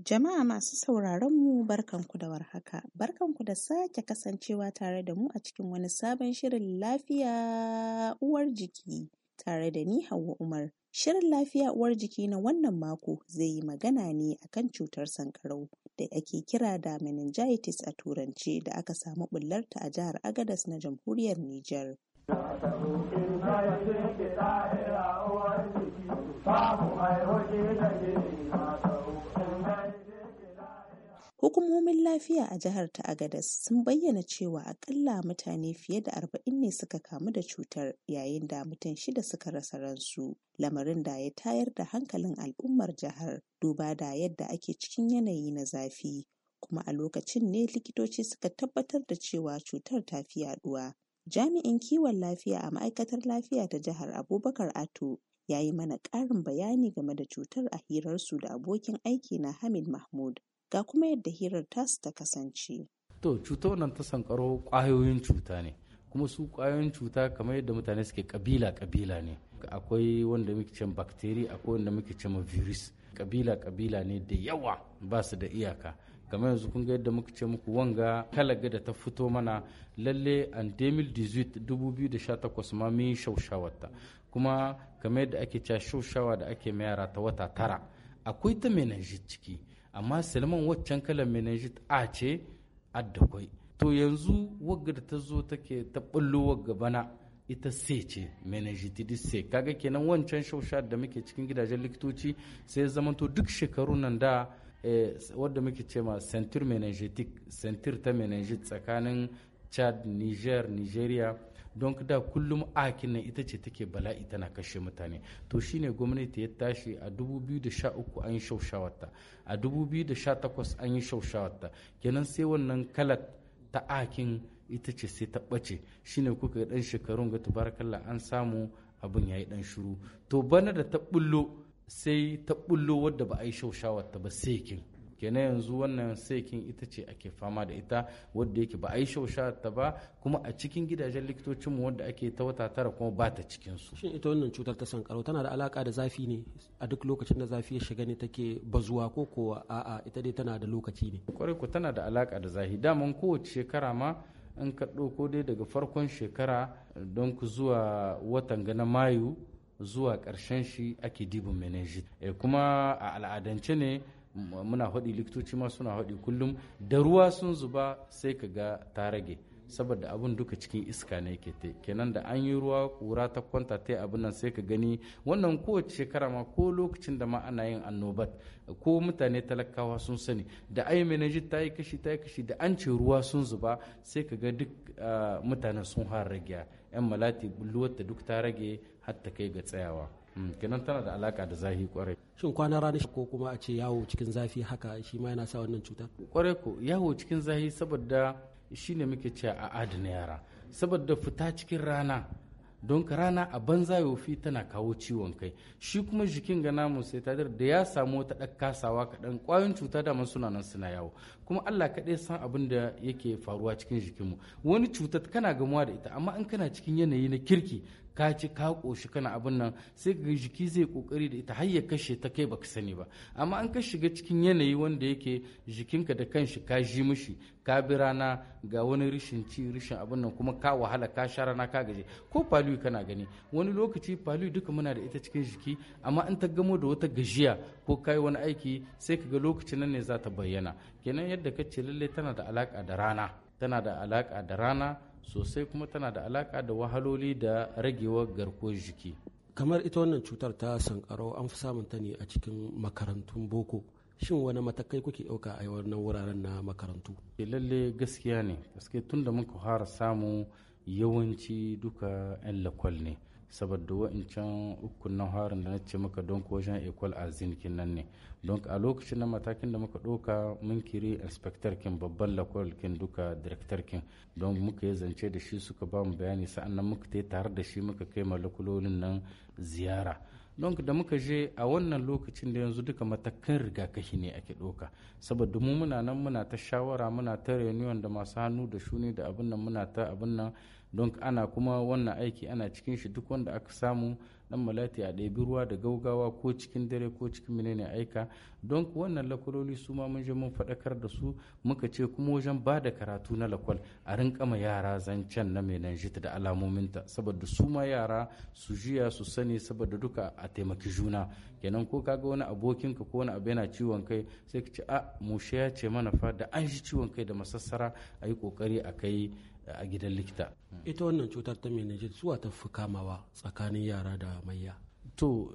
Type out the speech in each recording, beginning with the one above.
Jama'a masu sauraron mu barkanku da warhaka, barkanku da sake kasancewa tare da mu a cikin wani sabon shirin lafiya uwar jiki tare da ni Hauwa Umar. Shirin lafiya uwar jiki na wannan mako zai yi magana ne akan cutar sankarau da ake kira da meningitis a turance da aka samu bullarta a jihar Agadas na jamhuriyar Nijar. Babu Hukumomin lafiya a jihar ta Agadas sun bayyana cewa akalla mutane fiye da arba'in ne suka kamu da cutar yayin da mutum shida suka rasa ransu, lamarin da ya tayar da hankalin al'ummar jihar duba da yadda ake cikin yanayi na zafi. Kuma a lokacin ne likitoci suka tabbatar da cewa cutar ta fi yaduwa. Jami'in kiwon lafiya a ma'aikatar lafiya ta jihar Abubakar Ato ya yi mana ƙarin bayani game da cutar a hirarsu da abokin aiki na Hamid Mahmud. ga kuma yadda hirar tasu ta kasance. To cuta wannan ta sankaro ƙwayoyin cuta ne kuma su ƙwayoyin cuta kamar yadda mutane suke kabila kabila ne akwai wanda muke cin bakteri akwai wanda muke cin virus kabila kabila ne da yawa ba su da iyaka kamar yanzu kun ga yadda muka ce muku wanga kalaga da ta fito mana lalle an 2018 ma mun shaushawarta kuma kamar yadda ake cewa shaushawa da ake mayarata ta wata tara akwai ta menajit ciki amma salman waccan kalar meningit a ce addakwai to yanzu wagga da ta zo take ta bullo wagga bana ita C ce meningitis C kaga kenan wancan shausha da muke cikin gidajen likitoci sai zamanto duk shekaru nan da eh, wadda muke ce ma centur meningitic centur ta meningitis tsakanin chad niger nigeria don da kullum akin nan ita ce take bala'i tana kashe mutane to shine gwamnati ya tashi a 2013 an yi shaushawarta a 2018 an yi shaushawarta kenan sai wannan kala ta akin ita ce sai ta ɓace shine kuka ga ɗan shekarun ga tubarakallah an samu abin yayi yi ɗan shuru to bana da ta sai ta bullo ba a yi shaushawarta ba sai kin kenan yanzu wannan saikin ita ce ake fama da ita wadda yake ba a yi ta ba kuma a cikin gidajen likitocinmu wadda ake ta wata tara kuma ba ta cikin su shin ita wannan cutar ta sankarau tana da alaka da zafi ne a duk lokacin da zafi ya shiga ne take bazuwa ko ko a'a ita dai tana da lokaci ne kwarai ko tana da alaka da zafi daman kowace shekara ma in ka ɗauko dai daga farkon shekara don ku zuwa watan gana mayu zuwa ƙarshen shi ake dibin meningit eh, kuma a al'adance ne muna haɗi likitoci ma suna haɗi kullum da ruwa sun zuba sai ka ga ta rage saboda abun duka cikin iska ne ke te kenan da an yi ruwa kura ta kwanta ta abin nan sai ka gani wannan kowace shekara ma ko lokacin da ma ana yin annobat ko mutane talakawa sun sani da ai menaji ta yi kashi ta yi kashi da an ce ruwa sun zuba sai ka ga duk mutane sun har rage yan malati bulluwar ta duk ta rage har ta kai ga tsayawa Hmm, kenan tana da alaka da zafi kwarai shin kwana rana ko kuma a ce yawo cikin zafi haka shi ma yana sa wannan cutar kwarai ko yawo cikin zafi saboda shi ne muke cewa a adana yara saboda fita cikin rana don ka rana a banza yofi tana kawo ciwon kai shi kuma jikin ga namu sai da ya samu wata ɗan kasawa kaɗan ƙwayoyin cuta da suna nan suna yawo kuma Allah kaɗai san abin da yake faruwa cikin jikinmu wani cuta kana gamuwa da ita amma in kana cikin yanayi na kirki ka ci ka koshi kana abin nan sai ga jiki zai kokari da ita har kashe ta kai baka sani ba amma an ka shiga cikin yanayi wanda yake jikinka da kanshi ka ji mishi ka bi rana ga wani rishin ci rishin abin nan kuma ka wahala ka sha rana ka gaje ko palu kana gani wani lokaci palu duka muna da ita cikin jiki amma in ta gamo da wata gajiya ko kai wani aiki sai ka ga lokacin nan ne za ta bayyana kenan yadda ka ce lallai tana da alaka da rana tana da alaka da rana sosai kuma tana da alaka da wahaloli da ragewa garkuwar jiki kamar ita wannan cutar ta sankaro an fi samun ta ne a cikin makarantun boko shin wani matakai kuke ɗauka a wannan wuraren na makarantu eh, lalle gaskiya ne gaske tun da muka fara samu yawanci duka 'yan lakwal ne saboda wa'incan uku na harin da na ce maka don wajen a azin nan ne don a lokacin na matakin da muka ɗauka mun kiri inspector kin babban lakwal kin duka director kin don muka yi zance da shi suka ba mu bayani sa'an nan muka tai tare da shi muka kai malakulolin nan ziyara don da muka je a wannan lokacin da yanzu duka matakan rigakafi ne ake ɗauka saboda mu muna nan muna ta shawara muna ta reunion da masu hannu da shuni da abin nan muna ta abin nan don ana kuma wannan aiki ana cikin shi duk wanda aka samu dan malati a ɗabi ruwa da gaugawa ko cikin dare ko cikin menene aika don wannan lakwaloli su ma mun je mun faɗakar da su muka ce kuma wajen ba da karatu na lakwal a rinka ma yara zancen na meningit da alamominta saboda su ma yara su jiya su sani saboda duka a taimaki juna kenan ko kaga wani abokinka ko wani abu yana ciwon kai sai ka ce a ah, mushe ya ce mana fa da an shi ciwon kai da masassara a yi kokari a kai a gidan likita ita wannan cutar ta meningitis zuwa ta fi kamawa tsakanin yara da mayya to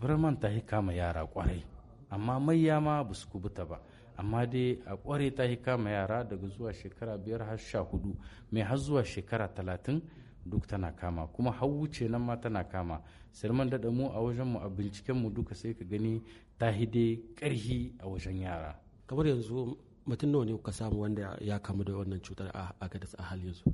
birman ta kama yara kwarai amma mayya ma ba su kubuta ba amma dai a kwarai ta yi kama yara daga zuwa shekara biyar har sha hudu mai har zuwa shekara talatin duk tana kama kuma har wuce nan ma tana kama sirman da mu a wajen mu a binciken mu duka sai ka gani ta hide karhi a wajen yara kamar yanzu mutum nawa ne kuka samu wanda ya kamu da wannan cutar a gadas a hal yanzu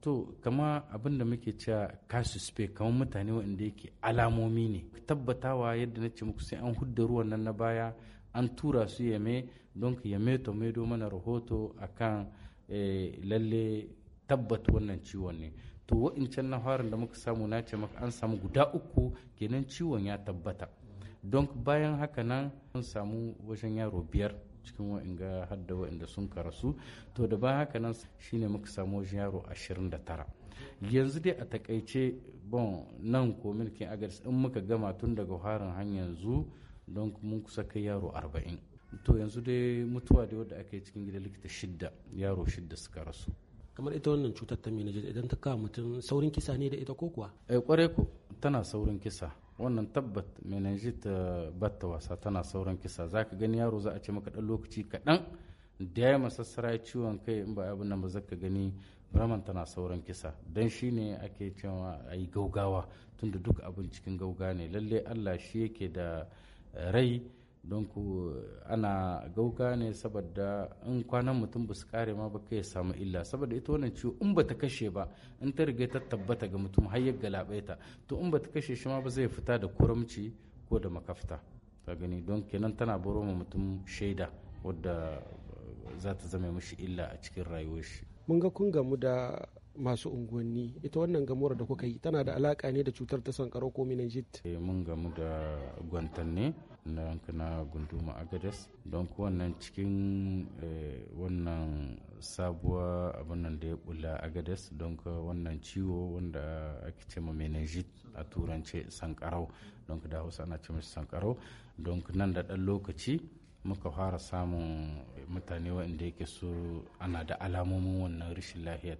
to kama abin da muke cewa kasu spe kamar mutane wanda yake alamomi ne tabbatawa yadda na ce muku sai an hudda ruwan nan na baya an tura su yame don ka yame to maido mana rahoto akan eh, lalle tabbat wannan ciwon ne to wa'incan na harin da muka samu na ce maka an samu guda uku kenan ciwon ya tabbata don bayan haka nan an samu wajen yaro biyar cikin wa'inga har da wa'inda sun karasu to da ba haka nan shi ne muka samu yaro 29 yanzu dai a takaice bon nan ko milkin agaris in muka gama tun daga harin har yanzu don mun kusa kai yaro 40 to yanzu dai mutuwa da wadda aka yi cikin gida likita shidda yaro shidda suka rasu kamar ita wannan cutar ta meningitis idan ta kawo mutum saurin kisa ne da ita ko kuwa ai eh, kwarai ko tana saurin kisa wannan tabbat meningit eh, batta wasa tana sauran kisa za ka gani yaro za a ce maka ɗan lokaci kaɗan da ya masassara ciwon kai in ba abin nan ba za ka gani raman tana sauran kisa don shi ne ake cewa a yi gaugawa tunda duk abin cikin gauga ne lallai allah shi yake da eh, rai don ku ana gauka ne saboda in kwanan mutum ba su kare ma ba kai samu illa saboda ita wannan ciwo in ba ta kashe ba in ta riga ta tabbata ga mutum har ya galabe ta to in ba ta kashe shi ma ba zai fita da kuramci ko da makafta ta gani don kenan tana baro ma mutum shaida wadda za ta zama mishi illa a cikin rayuwar shi mun ga kun gamu da masu unguwanni ita wannan gamuwar da kuka yi tana da alaka ne da cutar ta sankarau ko meningitis eh, mun gamu da gwantanne na na gunduma agadas don wannan cikin eh, wannan sabuwa abinnan da ya bula agadas don wannan ciwo wanda ake ce ma meningit a turance sankarau don da hausa ana ce mashi sankarau don nan da ɗan lokaci muka fara samun mutane waɗanda yake so ana da alamomin wannan rashin lahiyar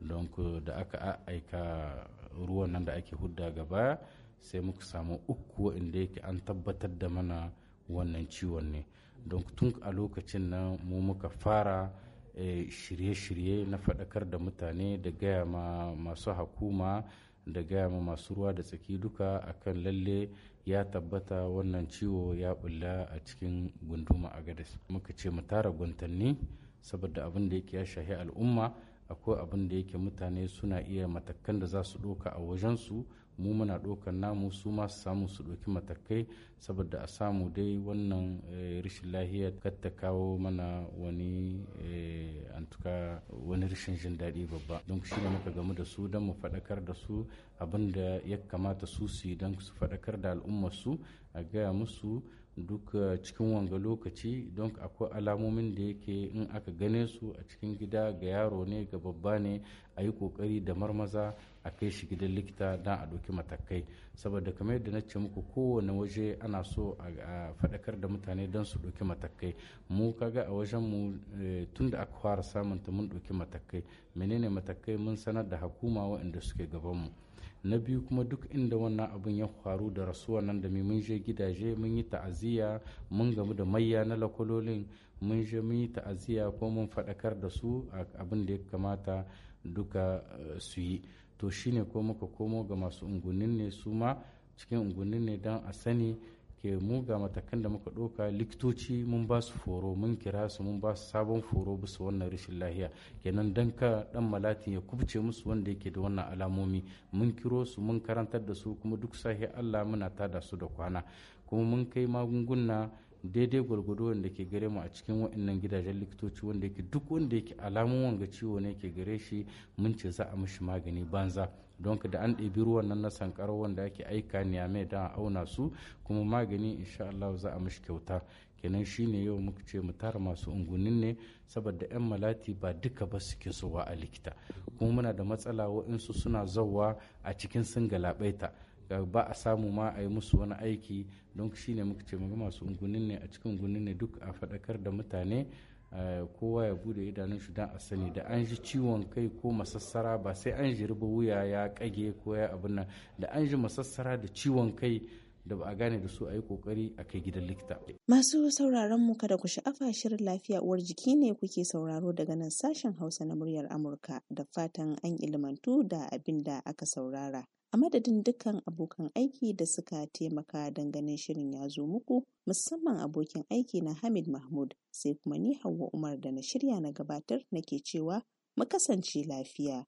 don da aka aika ruwan nan da ake hudda ga baya sai muka samu uku inda yake an tabbatar da mana wannan ciwon ne don tun a lokacin nan mu muka fara eh, shirye-shirye na faɗakar da mutane da gaya ma masu hakuma da gaya ma masu ruwa da tsaki duka akan lalle ya tabbata wannan ciwo ya bulla a cikin gunduma a gadas muka ce mu tara gwantanni saboda abin da yake ya shahi al'umma akwai abin da yake mutane suna iya matakan da za su ɗoka a wajensu mu muna ɗokan namu su ma su samu su ɗoki matakai saboda a samu dai wannan eh, rashin lahiya kar ta kawo mana wani eh, antuka wani rashin jin daɗi babba don shi ne muka gamu da su don mu faɗakar da su abin da ya kamata su su yi don su faɗakar da al'ummar su a gaya musu duk eh, cikin wanga lokaci don akwai alamomin da yake in aka gane su a cikin gida ga yaro ne ga babba ne a yi kokari da marmaza a kai shi gidan likita don a ɗauki matakai saboda kamar yadda na ce muku kowane waje ana so a faɗakar da mutane don su ɗauki matakai mu kaga a wajen mu eh, tun da aka fara samunta mun ɗauki matakai menene matakai mun sanar da hakuma waɗanda suke gaban mu na biyu kuma duk inda wannan abin ya faru da rasuwa nan da mun je gidaje mun yi ta'aziyya mun gamu da mayya na lakololin mun je mun yi ta'aziyya ko mun faɗakar da su abin da ya kamata duka eh, su yi to shine ko muka komo ga masu ungunin ne su ma cikin ungunin ne don a sani ke mu ga matakan da muka ɗauka likitoci mun ba su foro mun kira su mun ba su sabon foro bisa wannan rashin lahiya kenan dan ka dan malatin ya kubce musu wanda yake da wannan alamomi mun kiro su mun karantar da su kuma duk sahi Allah muna tada su da kwana kuma mun kai magunguna daidai gwargwado wanda ke gare mu a cikin wa'annan gidajen likitoci wanda yake duk wanda yake alamun wanga ciwo ne ke gare shi mun ce za a mishi magani banza don da an ɗebi ruwan nan na sankara wanda ake aika niyame da auna su kuma magani insha Allah za a mishi kyauta kenan shine yau muka ce mu tara masu ungunin ne saboda 'yan malati ba duka ba suke zuwa a likita kuma muna da matsala waɗansu suna zauwa a cikin sun galabaita ba a samu ma a yi musu wani aiki don shine muka ce mu ga masu ungunin ne a cikin ungunin ne duk a faɗakar da mutane Eh, kowa ya bude idanun shi don a sani da an ji ciwon kai ko masassara ba sai an ji riba wuya ya kage ko ya abin nan da an ji masassara da ciwon kai da ba a gane da su a yi kokari a kai gidan likita. Masu sauraron mu kada ku sha'afa shirin lafiya uwar jiki ne kuke sauraro daga nan sashen Hausa na muryar Amurka da fatan an ilimantu da abin da aka saurara. a madadin dukkan abokan aiki da suka taimaka don ganin shirin ya zo muku musamman abokin aiki na Hamid Mahmud sai kuma ni Hauwa Umar da na shirya na gabatar nake cewa mu kasance lafiya.